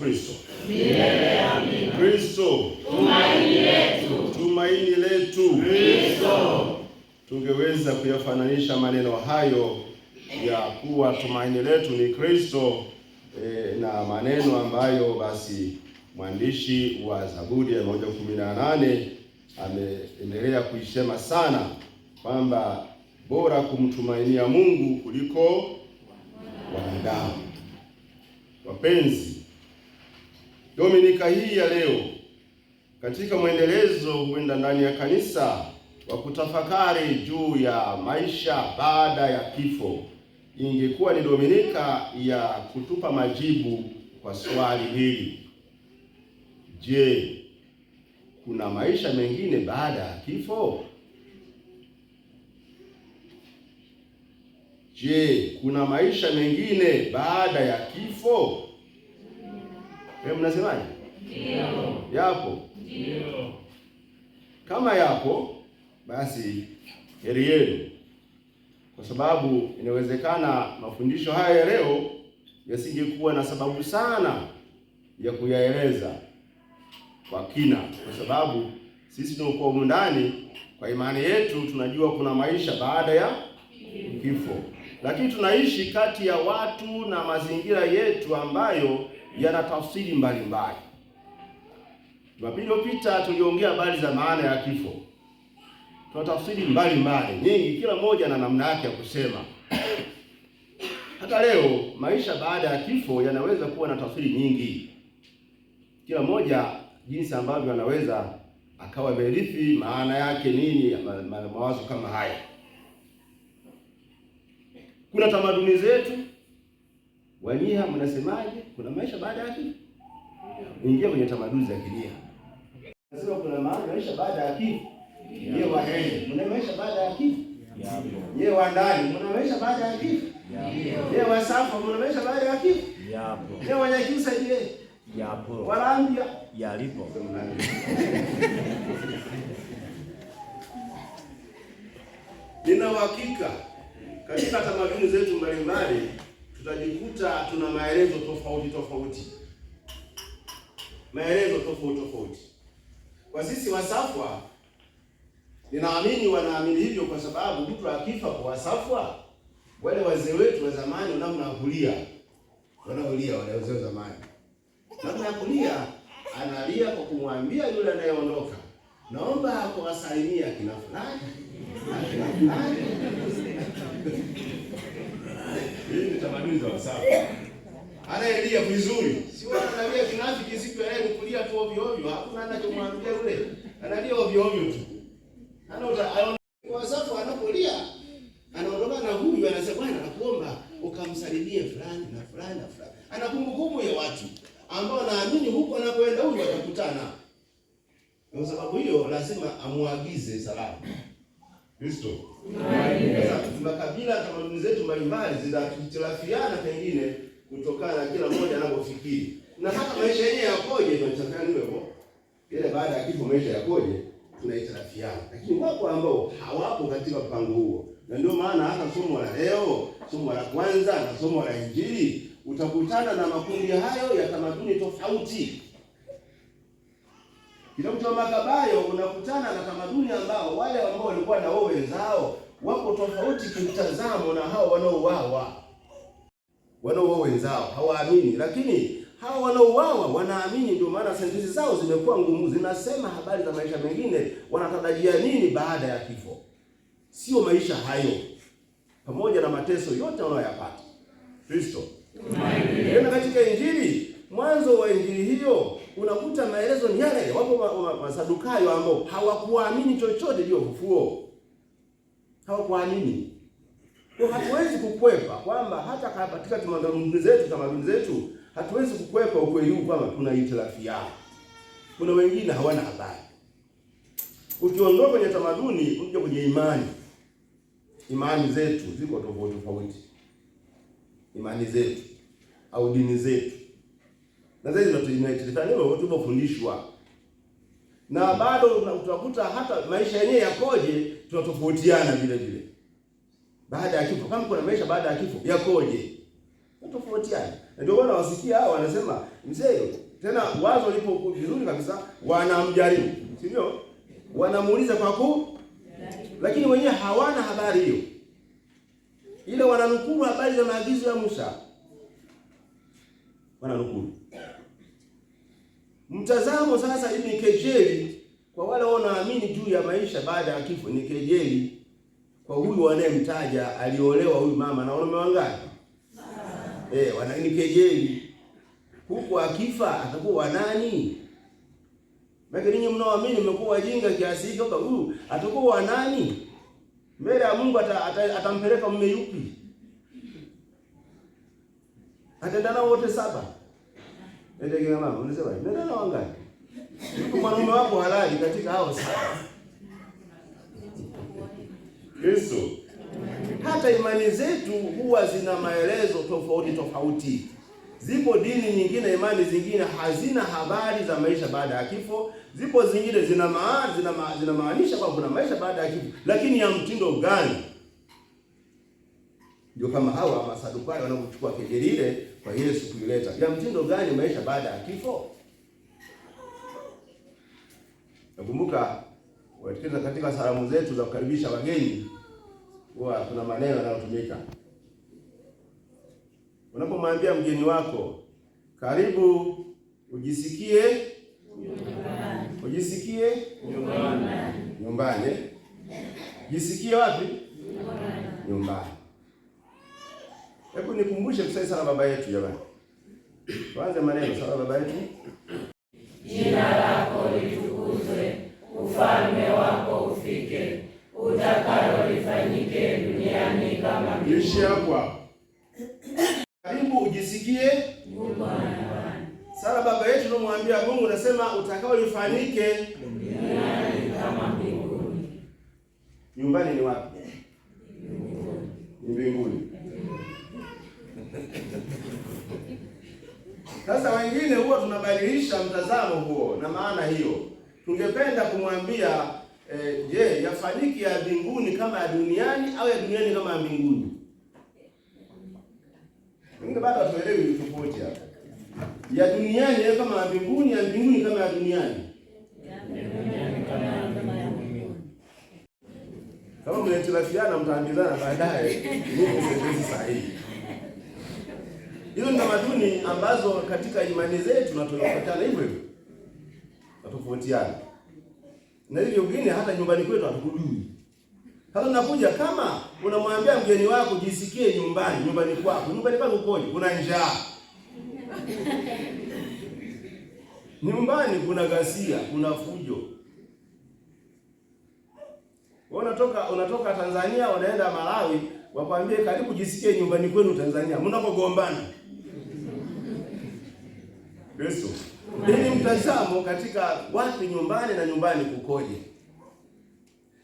Kristo. Milele amina. Kristo. Tumaini letu. Tumaini letu. Kristo. Tungeweza kuyafananisha maneno hayo ya kuwa tumaini letu ni Kristo e, na maneno ambayo basi mwandishi wa Zaburi ya 118 ameendelea kuisema sana kwamba bora kumtumainia Mungu kuliko wanadamu. Wapenzi Dominika hii ya leo katika mwendelezo huenda ndani ya kanisa wa kutafakari juu ya maisha baada ya kifo, ingekuwa ni Dominika ya kutupa majibu kwa swali hili: Je, kuna maisha mengine baada ya kifo? Je, kuna maisha mengine baada ya kifo? Wewe mnasemaje? Ndio. Yapo? Ndio. Kama yapo basi heri yenu, kwa sababu inawezekana mafundisho haya leo yasingekuwa na sababu sana ya kuyaeleza kwa kina, kwa sababu sisi tunaokuwa humu ndani kwa imani yetu tunajua kuna maisha baada ya kifo, lakini tunaishi kati ya watu na mazingira yetu ambayo yana tafsiri mbalimbali. Jumapili iliyopita tuliongea habari za maana ya kifo. Tuna tafsiri mbalimbali nyingi, kila moja na namna yake ya kusema. Hata leo maisha baada ya kifo yanaweza kuwa na tafsiri nyingi, kila moja jinsi ambavyo anaweza akawa merithi maana yake nini, mawazo kama haya. Kuna tamaduni zetu Waniha mnasemaje? Kuna maisha baada ya kifo? Ingia kwenye tamaduni za kidini. Nasema kuna maisha baada ya kifo. Yeye wa heri, kuna maisha baada ya kifo. Yeye wa ndani, kuna maisha baada ya kifo. Yeye wa safa, kuna maisha baada ya kifo. Yapo. Yeye wa nyakiusa je? Yapo. Walambia yalipo. Nina uhakika katika tamaduni zetu mbalimbali mbali, tutajikuta tuna maelezo tofauti tofauti, maelezo tofauti tofauti. Kwa sisi Wasafwa, ninaamini wanaamini hivyo kwa sababu mtu akifa kwa Wasafwa, wale wazee wetu wa zamani kulia, wanaulia wale wazee wa zamani, namna ya kulia, analia kwa kumwambia yule anayeondoka, naomba kuwasalimia kina fulani na kina fulani ndo safi. Ana Elia vizuri. Si wewe analia kinafiki siku ya leo kulia tu ovyo ovyo. Hakuna anachomwambia yule. Analia ovyo ovyo tu. Ana uta kwa safu anapolia. Anaondoka na huyu anasema bwana nakuomba ukamsalimie fulani na fulani na fulani. Ana kumbukumbu ya watu ambao naamini huko anapoenda huyu atakutana. Kwa sababu hiyo lazima amuagize salamu. Kristo. Makabila tamaduni zetu mbalimbali zinahitilafiana pengine kutokana na kila mmoja anapofikiri. na hata maisha yenyewe yakoje, tunachanganya hivyo ile baada ya kifo, maisha yakoje, tunahitilafiana. Lakini wako ambao hawapo katika mpango huo, na ndio maana hata somo la leo, somo la kwanza na somo la Injili utakutana na makundi hayo ya tamaduni tofauti mtu wa Makabayo unakutana na tamaduni ambao wale ambao walikuwa na wao wenzao wako tofauti kimtazamo na hao wanaouawa, wanaouawa wenzao hawaamini, lakini hao wanaouawa wanaamini. Ndio maana sentensi zao zimekuwa ngumu, zinasema habari za maisha mengine, wanatarajia nini baada ya kifo? Sio maisha hayo, pamoja na mateso yote wanayoyapata. Kristo, tena katika Injili, mwanzo wa injili hiyo unakuta maelezo ni yale. Wapo Masadukayo ambao hawakuamini chochote juu ya ufufuo, hawakuamini. Kwa hatuwezi kukwepa kwamba hata katika tamaduni zetu tamaduni zetu hatuwezi kukwepa ukweli huu kwamba kuna hitilafiana. Kuna wengine hawana habari. Ukiondoka kwenye tamaduni unakuja kwenye imani. Imani zetu ziko tofauti tofauti, imani zetu au dini zetu na zaidi watu united watu wafundishwa na bado utakuta hata maisha yenyewe yakoje, tunatofautiana vile vile. Baada ya kifo, kama kuna maisha baada ya kifo yakoje, tunatofautiana. na Ndio maana wasikia hao wanasema mzee, tena wazo lipo vizuri kabisa, wanamjaribu, si ndio? Wanamuuliza kwa ku lakini wenyewe hawana habari hiyo, ile wananukuru habari za maagizo ya Musa, wananukuru Mtazamo sasa ni kejeli kwa wale wanaamini juu ya maisha baada ya kifo. Ni kejeli kwa huyu anayemtaja aliolewa huyu mama na wanaume wangapi? Eh, wana ni kejeli huku akifa atakuwa nani? Maana ninyi mnaoamini mmekuwa wajinga kiasi hicho, kwa huyu atakuwa nani mbele ya Mungu? Atampeleka ata, ata mume yupi? Atendana wote saba Nenda mama, unasema nenda na wangapi? Yuko mwanaume wako halali katika hao saba. Yesu. Hata imani zetu huwa zina maelezo tofauti tofauti. Zipo dini nyingine, imani zingine hazina habari za maisha baada ya kifo. Zipo zingine zina maana, zina ma, zina maanisha kwamba kuna maisha baada ya kifo, lakini ya mtindo gani? Ndio kama hawa Masadukayo wanaochukua kejeli ile kwa ile siku ileta. Ya mtindo gani maisha baada ya kifo? Nakumbuka watikana katika salamu zetu za kukaribisha wageni huwa kuna maneno yanayotumika. Unapomwambia mgeni wako karibu, ujisikie nyumbani. Ujisikie nyumbani. Nyumbani. Jisikie wapi? Nyumbani. Nyumbani. Hebu nikumbushe msaisa na baba yetu jamani. Tuanze maneno sana baba yetu. Jina lako litukuzwe, ufalme wako ufike, utakalo lifanyike duniani kama mbinguni. Hapa. Karibu ujisikie sana baba yetu, tunamwambia Mungu nasema utakao lifanyike duniani kama mbinguni. Nyumbani ni wapi? Ni mbinguni. Sasa wengine huwa tunabadilisha mtazamo huo na maana hiyo. Tungependa kumwambia e, je, yafanyike ya mbinguni kama ya duniani au ya duniani kama ya mbinguni? Inge bado hatuelewi tofauti hapa. Ya duniani ya kama ya mbinguni, ya mbinguni kama ya duniani. Kama mnahitilafiana mtaambilana baadaye. Mungu sahihi. Hizo ni tamaduni ambazo katika imani zetu na tunatofautiana hivyo hivyo. Tunatofautiana. Na hivyo wengine hata nyumbani kwetu hatukujui. Sasa unakuja kama unamwambia mgeni wako jisikie nyumbani, nyumbani kwako. Nyumbani kwako ukoje? Kuna njaa. Nyumbani kuna ghasia, kuna fujo. Wewe unatoka unatoka Tanzania unaenda Malawi, wakwambie karibu jisikie nyumbani kwenu Tanzania. Mnapogombana. Yesu. Ni mtazamo katika watu nyumbani na nyumbani kukoje.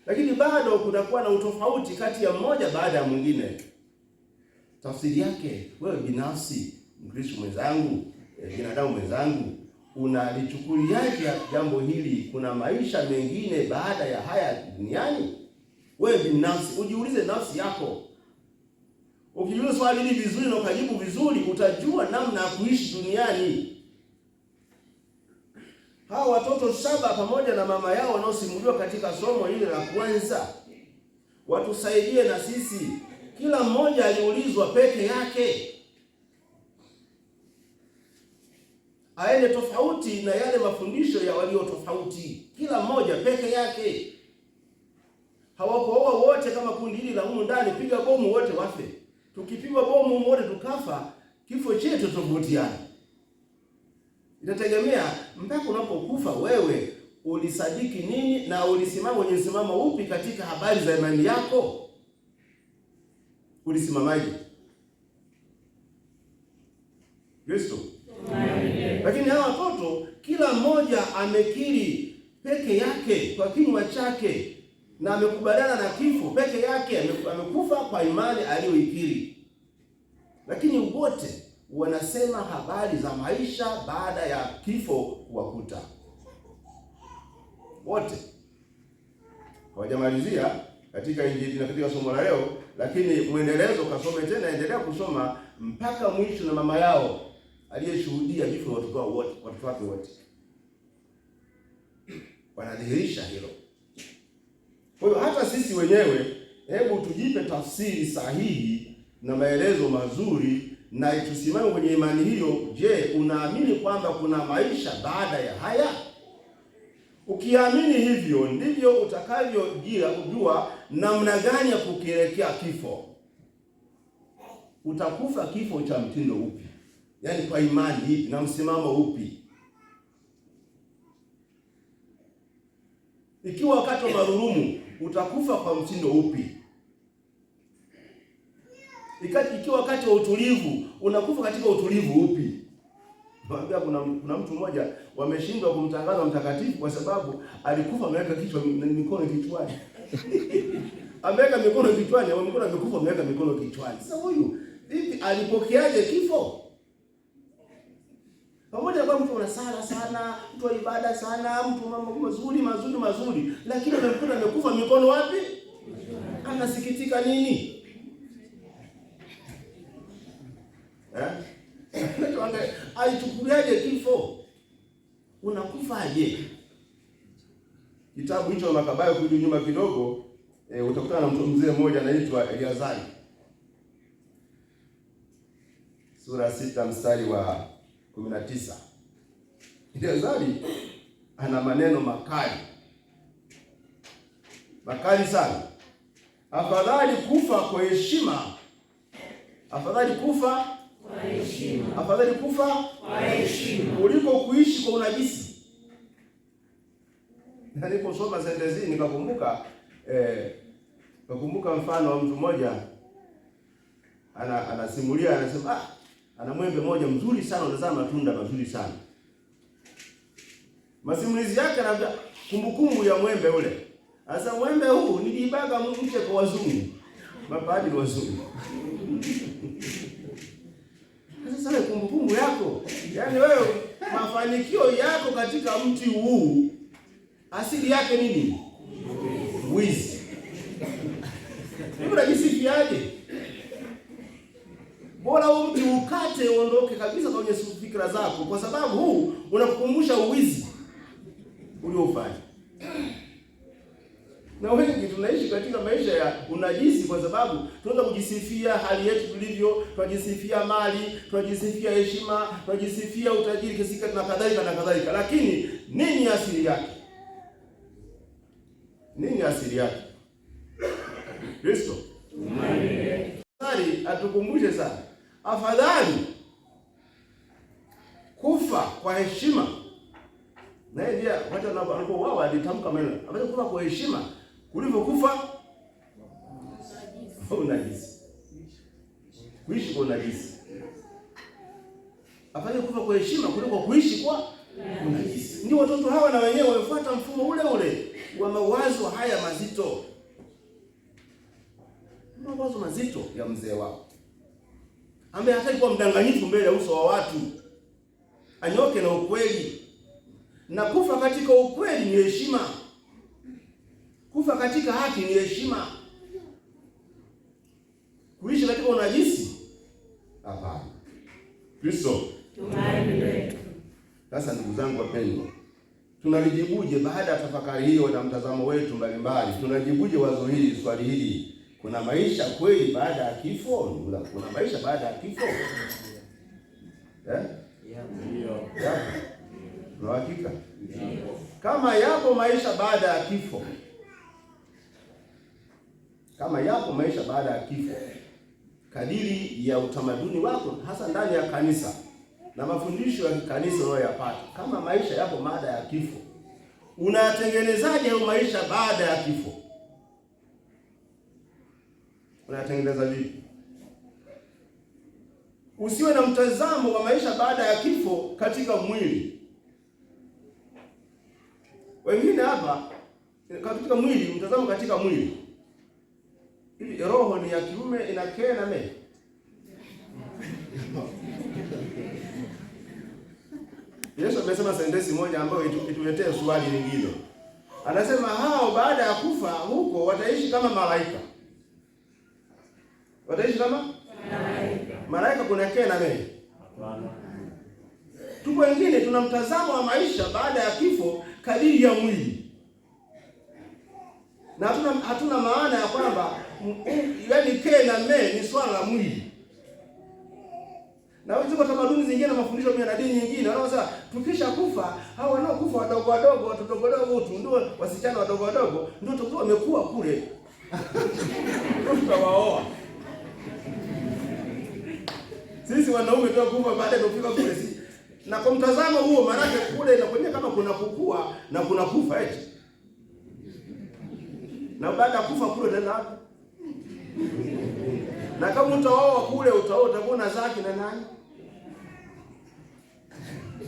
Lakini bado kunakuwa na utofauti kati ya mmoja baada ya mwingine. Tafsiri yake wewe binafsi, Mkristo mwenzangu, eh, binadamu mwenzangu, unalichukuliaje jambo hili? Kuna maisha mengine baada ya haya duniani? Wewe binafsi ujiulize nafsi yako. Ukijua swali hili vizuri na ukajibu vizuri, utajua namna ya kuishi duniani hao watoto saba pamoja na mama yao wanaosimuliwa katika somo hili la kwanza, watusaidie na sisi. Kila mmoja aliulizwa peke yake, aende tofauti na yale mafundisho ya walio tofauti, kila mmoja peke yake. Hawakuoa wote kama kundi hili la humu ndani, piga bomu wote wafe. Tukipigwa bomu wote tukafa, kifo chetu tofautiana Inategemea mpaka unapokufa wewe ulisadiki nini na ulisimama wenye msimamo upi katika habari za imani yako, ulisimamaje? Kristo. Lakini hawa watoto kila mmoja amekiri peke yake kwa kinywa chake na amekubaliana na kifo peke yake, amekufa kwa imani aliyoikiri, lakini wote wanasema habari za maisha baada ya kifo kuwakuta wote. Hawajamalizia katika Injili na katika somo la leo, lakini mwendelezo kasome tena, endelea kusoma mpaka mwisho, na mama yao aliyeshuhudia kifo vya watoto wao wote, watoto wake wote wanadhihirisha hilo. Kwa hiyo hata sisi wenyewe, hebu tujipe tafsiri sahihi na maelezo mazuri na tusimame kwenye imani hiyo. Je, unaamini kwamba kuna maisha baada ya haya? Ukiamini hivyo, ndivyo utakavyojia kujua namna gani ya kukielekea kifo. Utakufa kifo cha mtindo upi? Yaani kwa imani hii na msimamo upi? Ikiwa wakati wa marurumu utakufa kwa mtindo upi? Ikati ikiwa wakati wa utulivu, unakufa katika utulivu upi? Baada kuna kuna mtu mmoja wameshindwa kumtangaza mtakatifu kwa sababu alikufa ameweka kichwa mikono kichwani. ameweka mikono kichwani, au mikono amekufa ameweka mikono kichwani. Sasa huyu vipi alipokeaje kifo? Pamoja kwa mtu unasala sana, mtu wa ibada sana, mtu mambo mazuri mazuri mazuri, lakini unamkuta amekufa mikono wapi? Anasikitika nini? eh? Aichukuliaje kifo? Unakufaje? Kitabu hicho Makabayo, kurudi nyuma kidogo, eh, utakutana na mtu mzee mmoja anaitwa Eliazari, sura sita mstari wa kumi na tisa. Eliazari ana maneno makali makali sana. Afadhali kufa kwa heshima, afadhali kufa kwa heshima. Afadhali kufa kwa heshima kuliko kuishi kwa unajisi. Niliposoma sentensi nikakumbuka eh, nikakumbuka mfano wa mtu mmoja ana- anasimulia anasema, ah, ana mwembe mmoja mzuri sana unazaa matunda mazuri sana. Masimulizi yake anaambia kumbukumbu ya mwembe ule. Sasa mwembe huu niliibaga mche kwa wazungu, mapadri wazungu sasa kumbukumbu yako, yaani wewe mafanikio yako katika mti huu asili yake nini? Wizi. Unajisifiaje? Bora huu mti ukate uondoke kabisa kwenye fikra zako, kwa sababu huu unakukumbusha uwizi uliofanya na wengi tunaishi katika maisha ya unajisi, kwa sababu tunaweza kujisifia hali yetu tulivyo, tunajisifia mali, tunajisifia heshima, tunajisifia utajiri kisika na kadhalika na kadhalika, lakini nini asili yake? Nini asili yake? Kristo atukumbushe sana, afadhali kufa kwa heshima naye, pia hata anapouawa alitamka maneno, amekufa kwa heshima ulivyokufa unajisi, kuishi kwa unajisi. Afanye kufa kwa heshima kuliko kuishi kwa unajisi. Ndio watoto hawa na wenyewe wamefuata mfumo ule ule wa mawazo haya mazito, mawazo mazito ya mzee wao ambaye hataki kuwa mdanganyifu mbele ya uso wa watu, anyoke na ukweli na kufa katika ukweli ni heshima. Kufa katika haki ni heshima. Kuishi katika unajisi? Hapana. Kristo tumaini letu. Sasa ndugu zangu wapendwa, tunalijibuje baada ya tafakari hiyo na mtazamo wetu mbalimbali? Tunalijibuje wazo hili, swali hili? Kuna maisha kweli baada ya kifo? Kuna maisha baada ya kifo? Eh? Yapo. Kama yapo maisha baada ya kifo kama yapo maisha baada ya kifo, kadiri ya utamaduni wako, hasa ndani ya kanisa na mafundisho ya kanisa unayoyapata. Kama maisha yapo baada ya kifo, unayatengenezaje hayo maisha baada ya kifo? Unayatengeneza vipi? Usiwe na mtazamo wa maisha baada ya kifo katika mwili. Wengine hapa katika mwili, mtazamo katika mwili roho ni ya kiume ina ke na me Yesu amesema sentensi moja ambayo ituletee swali lingine. Anasema hao baada ya kufa huko wataishi kama malaika. Wataishi kama malaika. Malaika kuna kee na me. Hapana. Tuko wengine tuna mtazamo wa maisha baada ya kifo kadiri ya mwili na hatuna, hatuna maana ya kwamba yaani ke na me ni swala la mwili na wewe ziko tamaduni zingine na mafundisho mengine na dini nyingine wanao sasa tukisha kufa hao wanao kufa wadogo wadogo watoto wadogo tu ndio wasichana wadogo wadogo ndio tutakuwa wamekuwa kule tutawaoa sisi wanaume tu kufa baada ya kufika kule sisi na kwa mtazamo huo maanake kule inakuwa kama kuna kukua na kuna kufa eti na baada ya kufa kule tena na kama utaoa kule utaoa utakuwa zake na nani?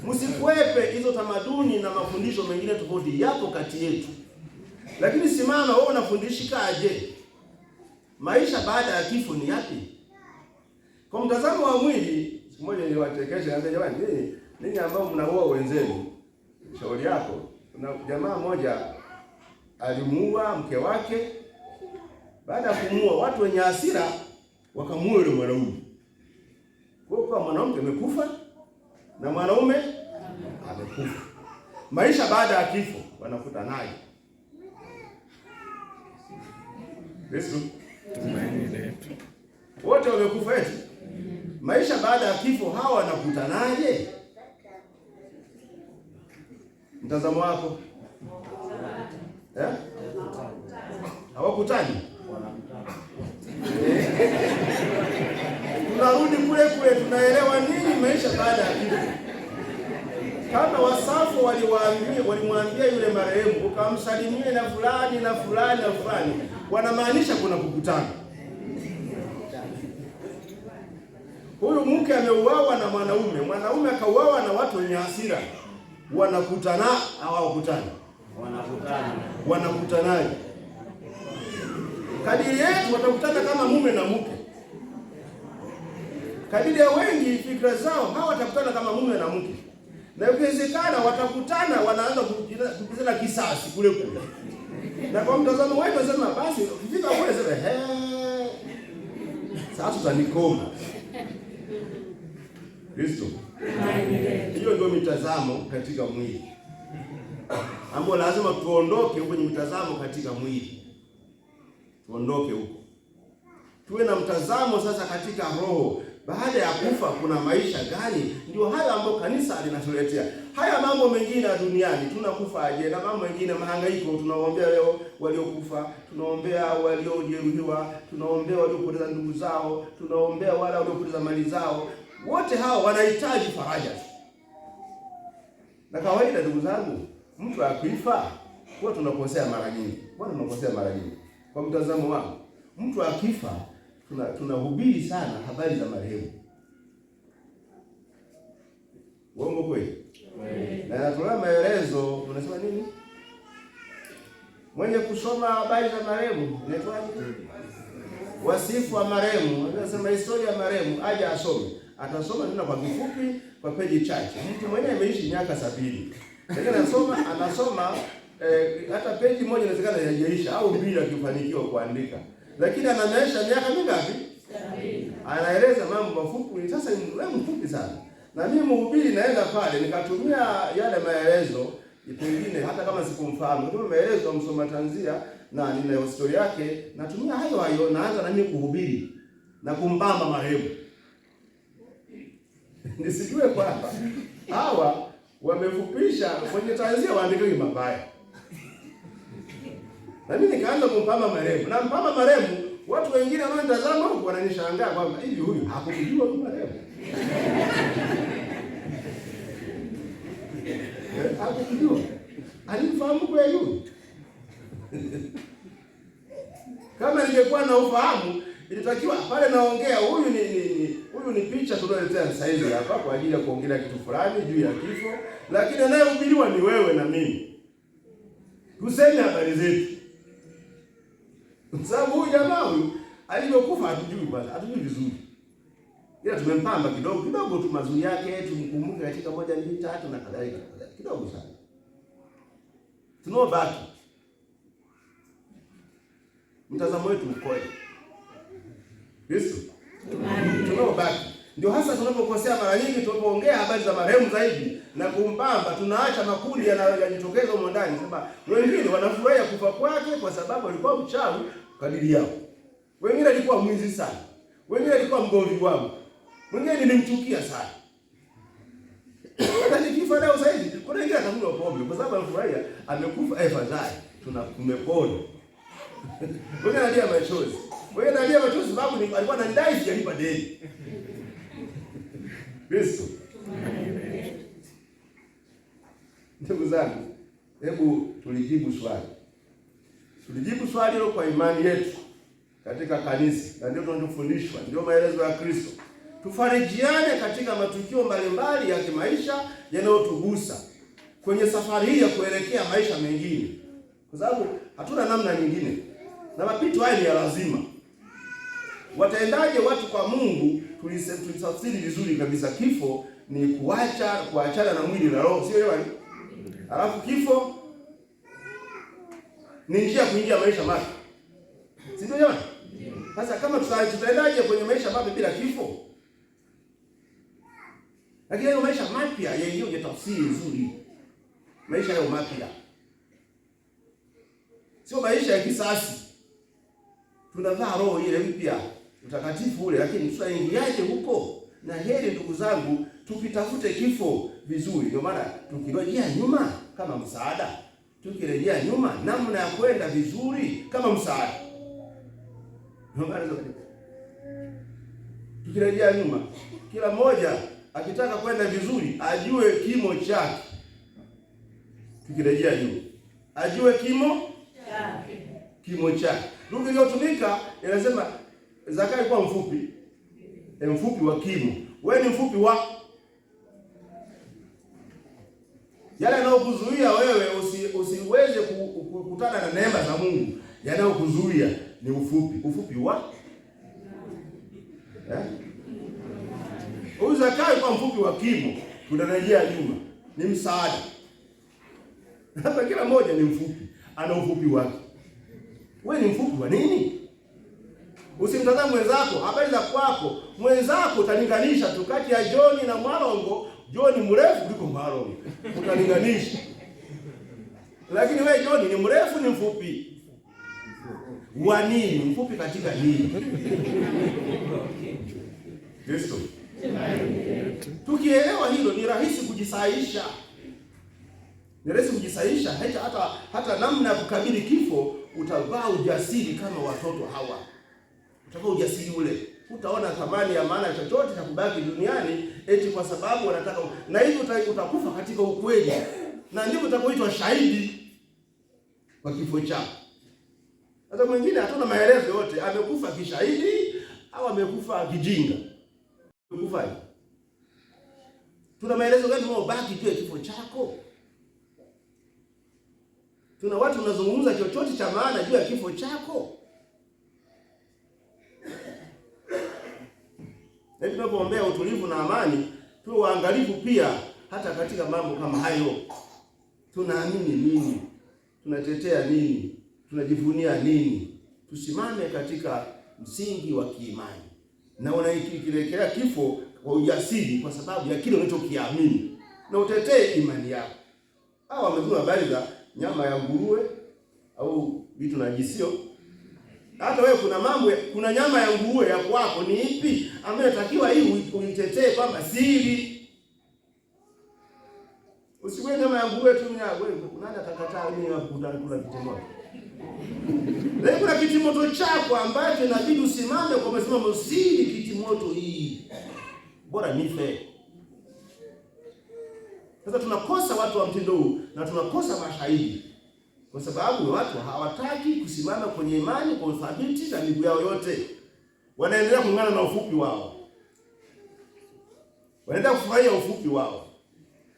Msikwepe hizo tamaduni na mafundisho mengine tofauti, yapo kati yetu, lakini simama wewe, unafundishikaje? Maisha baada ya kifo ni yapi? Kwa mtazamo wa mwili. Siku moja niliwachekesha niambia, jamani, nini ninyi ambao mnaoa wenzenu, shauri yako. Kuna jamaa moja alimuua mke wake, baada ya kumuua watu wenye hasira wakamua yule mwanaume. Kwa hiyo mwanamke amekufa na mwanaume amekufa. Maisha baada ya kifo wanakuta naye Yesu wote wamekufa eti. Maisha baada ya kifo hawa wanakutanaje? Mtazamo wako? Eh? Hawakutani. tunarudi kule kule, tunaelewa nini maisha baada ya kifo. Kama wasafu waliwaambia, walimwambia yule marehemu ukamsalimie na fulani na fulani na fulani, wanamaanisha kuna kukutana. Huyu mke ameuawa na mwanaume, mwanaume akauawa na watu wenye hasira, wanakutana hawakutana, Wanakutana. Wanakutanaje? Kadiri yetu watakutana kama mume na mke. Kadiri ya wengi fikra zao hawa watakutana kama mume na mke, na ikiwezekana watakutana, wanaanza kujizana kisasi kule kule, na kwa mtazamo wetu sema basi vita kule sema he, sasa tutanikoma Kristo. Hiyo ndio mitazamo katika mwili ambayo lazima tuondoke huko, ni mtazamo katika mwili, tuondoke huko, tuwe na mtazamo sasa katika roho baada ya kufa kuna maisha gani? Ndio haya ambayo kanisa linatuletea. Haya mambo mengine ya duniani tunakufa aje, na mambo mengine mahangaiko, tunaombea leo waliokufa, tunaombea waliojeruhiwa, tunaombea waliopoteza ndugu zao, tunaombea wale waliopoteza mali zao. Wote hao wanahitaji faraja. Na kawaida, ndugu zangu, mtu akifa huwa tunakosea mara nyingi. Bwana, tunakosea mara nyingi. Kwa mtazamo wangu, mtu akifa tuna tunahubiri sana habari za marehemu. Uongo kweli? Na tunaona maelezo, tunasema nini? Mwenye kusoma habari za marehemu inaitwa Wasifu wa marehemu, anasema historia ya marehemu, aje asome. Atasoma tena kwa kifupi, kwa peji chache. Mtu mwenye ameishi miaka sabini, lakini anasoma anasoma eh, hata peji moja inawezekana inajaisha au mbili, akifanikiwa kuandika lakini anaonyesha miaka mingapi? Anaeleza mambo mafupi, sasa ni mfupi sana. Na mimi mhubiri naenda pale nikatumia yale maelezo, pengine hata kama sikumfahamu, kama maelezo msoma tanzia na nina historia yake, natumia hayo hayo, naanza na mimi kuhubiri na kumbamba marehemu nisijue kwamba hawa wamefupisha kwenye tanzia waandike mabaya na mimi nikaanza kumpama maremu. Na mpama maremu, watu wengine wanaonitazama huko wananishangaa kwamba hivi huyu hakujua ni maremu. Eh, hakujua. Alifahamu kwa yule. Kama ningekuwa na ufahamu, ilitakiwa pale naongea huyu ni huyu ni picha tunayoletea sasa hivi hapa kwa ajili ya kuongelea kitu fulani juu ya kifo, lakini anayehubiriwa ni wewe na mimi. Tuseme habari zetu. Sababu huyu jamaa huyu alivyokufa hatujui bwana, hatujui vizuri. Ila tumempamba kidogo kidogo tu mazuri yake, tumkumbuke katika moja mbili tatu na kadhalika kidogo sana. Tunaobaki mtazamo wetu ukoje? Yesu tunaobaki ndio hasa tunapokosea mara nyingi, tunapoongea habari za marehemu zaidi na kumpamba, tunaacha makundi yanayojitokeza humo ndani, kwamba wengine wanafurahia kufa kwake kwa sababu alikuwa mchawi kadiri yao. Wengine alikuwa mwizi sana, wengine alikuwa mgomvi wangu, wengine nilimchukia sana. Hata nikifa leo zaidi, kuna wengine atakunywa pombe kwa sababu anafurahia amekufa, eh, fadhali tuna kumepona. Wengine analia machozi, wengine analia machozi sababu alikuwa anadai sijalipa deni. Kristo ndugu zangu, hebu tulijibu swali Tulijibu swali hilo kwa imani yetu katika kanisa, na ndio tunachofundishwa, ndio maelezo ya Kristo. Tufarijiane katika matukio mbalimbali ya kimaisha yanayotugusa kwenye safari hii ya kuelekea maisha mengine, kwa sababu hatuna namna nyingine, na mapito haya ni ya lazima. Wataendaje watu kwa Mungu? Tulitafsiri vizuri kabisa, kifo ni kuacha kuachana na mwili na roho, sio? Halafu kifo ni njia ya kuingia maisha mapya. Si ndio jamani? Sasa kama tutaendaje kwenye maisha mapya bila kifo? Lakini hayo maisha mapya yenyewe tafsiri nzuri. Maisha ya mapya. Sio maisha ya kisasi. Tunavaa roho ile mpya, utakatifu ule, lakini tutaingiaje huko? Na heri ndugu zangu, tukitafute kifo vizuri. Ndio maana tukirejea nyuma kama msaada tukirejea nyuma, namna ya kwenda vizuri kama msaada. Tukirejea nyuma, kila mmoja akitaka kwenda vizuri ajue kimo chake. Tukirejea nyuma, ajue kimo chake, kimo chake. Lugha iliyotumika inasema Zakayo kwa mfupi, e, mfupi wa kimo. Wewe ni mfupi wa yale yanayokuzuia wewe usi, usiweze kukutana na neema za Mungu, yanayokuzuia ni ufupi. Ufupi wa eh? huyu Zakayo kwa mfupi wa kimo, tunarejea nyuma, ni msaada hapa. Kila mmoja ni mfupi, ana ufupi wake. Wewe ni mfupi wa nini? Usimtazame mwenzako, habari za kwako. Mwenzako utalinganisha tu kati ya John na mwalongo ni mrefu kuliko Marlon. Utalinganisha. Lakini wewe joni ni mrefu ni mfupi? Wa nini? Mfupi katika nini? Kristo. Tukielewa hilo ni rahisi kujisaisha. Ni rahisi kujisaisha hata hata hata namna ya kukabili kifo utavaa ujasiri kama watoto hawa. Utavaa ujasiri ule utaona thamani ya maana chochote cha kubaki duniani, eti kwa sababu wanataka na hivi utakufa katika ukweli, na ndivyo utakuitwa shahidi kwa kifo chako. Hata mwingine hatuna maelezo yote, amekufa kishahidi au amekufa kijinga, amekufa. Tuna maelezo gani tunayobaki juu ya kifo chako? Tuna watu tunazungumza chochote cha maana juu ya kifo chako? Na yaani tunapoombea utulivu na amani, tuwe waangalifu pia hata katika mambo kama hayo. Tunaamini nini? Tunatetea nini? Tunajivunia nini? Tusimame katika msingi wa kiimani na unaikirekea kifo kwa ujasiri, kwa sababu ya kile unachokiamini na utetee imani yako. Hao wamezua habari za nyama ya nguruwe au vitu najisio. Hata wewe kuna mambo, kuna nyama ya nguruwe ya kwako ni ipi? ambaye inatakiwa hii unitetee kwamba siri. Usiwe kama yangu wetu wewe, nani atakataa mimi nakutana kula kitimoto. Leo kuna kitimoto chako ambacho inabidi usimame kwa msimamo, siri kitimoto hii. Bora nife. Sasa tunakosa watu wa mtindo huu na tunakosa mashahidi kwa sababu watu hawataki kusimama kwenye imani kwa uthabiti na miguu yao yote wanaendelea kuungana na ufupi wao, wanaendelea kufurahia ufupi wao,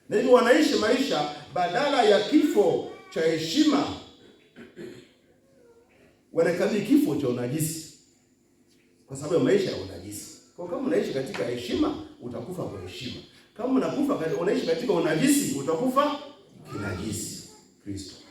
na hivyo wanaishi maisha badala ya kifo cha heshima, wanakabili kifo cha unajisi kwa sababu ya maisha ya unajisi. Kwa kama unaishi katika heshima utakufa kwa heshima, kama unakufa unaishi katika unajisi utakufa kinajisi. Kristo